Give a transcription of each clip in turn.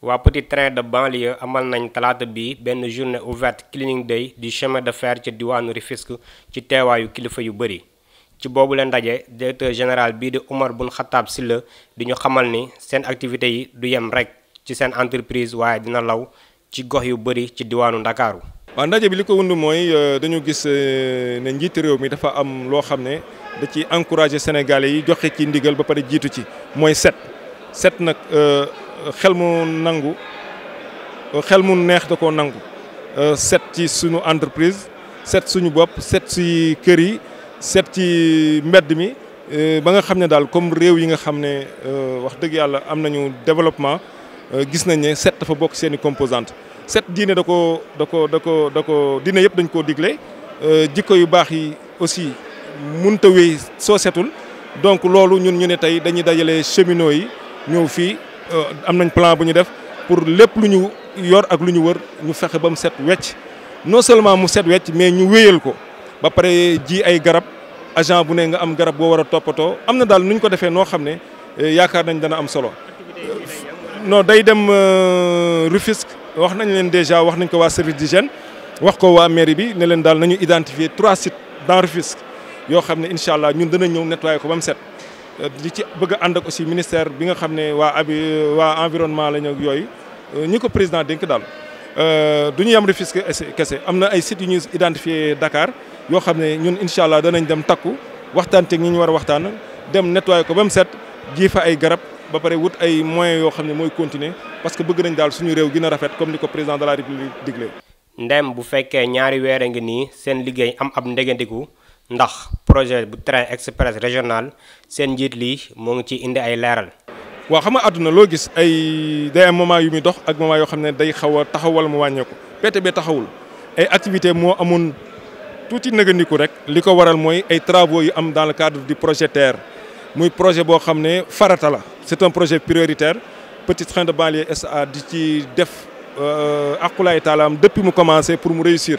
wa petit train de banlieue amal nañ talata bi ben journée ouverte cleaning day du chemin de fer ci diwaanu rifisque ci teewaayu kilifa yu bari ci bobu la ndaje directeur général bi de Omar Boun Khattab Sylla di ñu xamal ni seen activité yi du yem rek ci seen entreprise waye dina law ci gox yu bari ci diwaanu Dakar wa ndaje bi liko ko moy euh, dañu gis euh, ne njiitu rew mi dafa am lo xam da ci encourager Sénégalais yi joxe ci ndigal ba paré jitu ci moy set set nag euh, c'est entreprises, nangu neex euh, entreprise set comme euh, développement euh, gis nañ ne set dafa bok seen composante set diine da ko da ko da ko da ko aussi donc euh, avons un plan pour lépp lu yor ak lu wër ñu non seulement mu mais ñu ko ba paré garab agent bu am garab a des dal nuñ ko Nous eh, nañ dana am solo. non day dem euh, déjà wax nañ service d'hygiène wax ko mairie bi trois sites dans Rufisk. yo xamné inshallah nettoyer li ci bëgg a ànd ak aussi ministère bi nga xam ne waa abi waa environnement la ñu yooyu euh, ñi ko président dénk daal. Euh, du ñu yem Rufisque kese am na ay sites yu ñu identifié Dakar yoo xam ne ñun incha allah danañ dem takku waxtaan ak ñu war a waxtaan dem nettoyer ko ba mu set ji fa ay garab. ba pare wut ay moyens yoo xam ne mooy continuer parce que bëgg nañ daal suñu réew gën a rafet comme ni ko président de la république digle. ndem bu fekkee ñaari weer a ngi nii seen liggéey am ab ndegandiku ndax projet bu train express régional seen njiit lii moo ngi ci indi ay leeral. waaw xam nga àdduna loo gis ay day am moment yu muy dox ak moment yoo xam ne day xaw a taxaw wala mu wàññeeku PTB taxawul ay activité moo amoon tuuti nëgëndiku rek. li ko waral mooy ay travaux yu am dans le cadre du projet TER muy projet boo xam ne farata la c'est un projet prioritaire petit train de banlieue SA di ci def euh, akulaay taalaam depuis mu commencé pour mu réussir.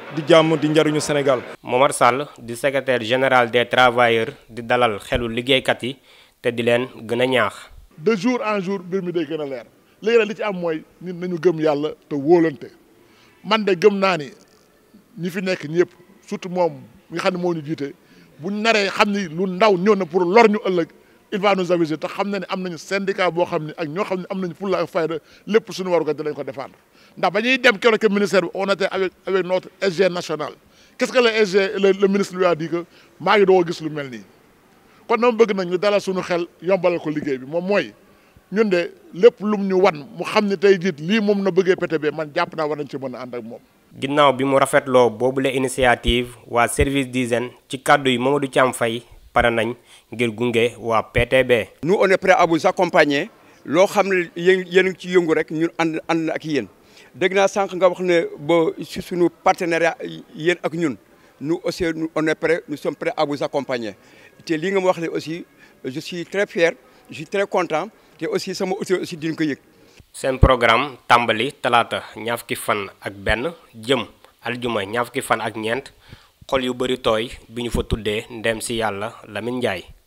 di jàmm di njariñu Sénégal. Momar Sall di secrétaire général des travailleurs di dalal xelu liggéeykat yi te di leen gën a ñaax. de jour en jour mbir mi day gën a leer léegi nag li ci am mooy nit nañu gëm yàlla te wóolante man de gëm naa ni ñi fi nekk ñëpp surtout moom mi nga xam ne moo ñu jiite bu naree xam ni lu ndaw ñëw na pour lor ñu ëllëg il va nous aviser te xam na ne am nañu syndicat boo xam ne ak ñoo xam ne am nañu fulla ak fayda lépp suñu warugar dinañ ko défendre. ndax ba ñuy dem keroog ministère bi on était avec avec notre SG national qu'est-ce que le SG le le ministre lui a dit que maa ngi doog gis lu mel nii. kon dama bëgg nag ñu dalal suñu xel yombalal ko liggéey bi moom mooy ñun de lépp lum ñu wan mu xam ne tey jiit lii moom na bëggee PTB man jàpp naa war nañ ci mën a ak moom. ginnaaw bi mu rafetlo bobule initiative wa service d'hygiène ci kàddu yi Mamadou Thiam fay pare nañ ngir gungé wa PTB. nous on est prêt à vous accompagner lo xam ne ci yëngu rek ñun and ànd ak yéen dégg naa sànq nga wax ne ba suñu partenariat yéen ak ñun nous aussi on est prêt nous sommes prêts à vous accompagner te lii nga aussi je suis très fier je suis très content et aussi sama autorité aussi diñ ko C'est seen programme Tambali, talata ñaar fukki fan ak Ben, jëm aljuma ñaar fukki fan ak ñeent xol yu bëri tooy fa ndem si Yalla, Lamine Ndiaye.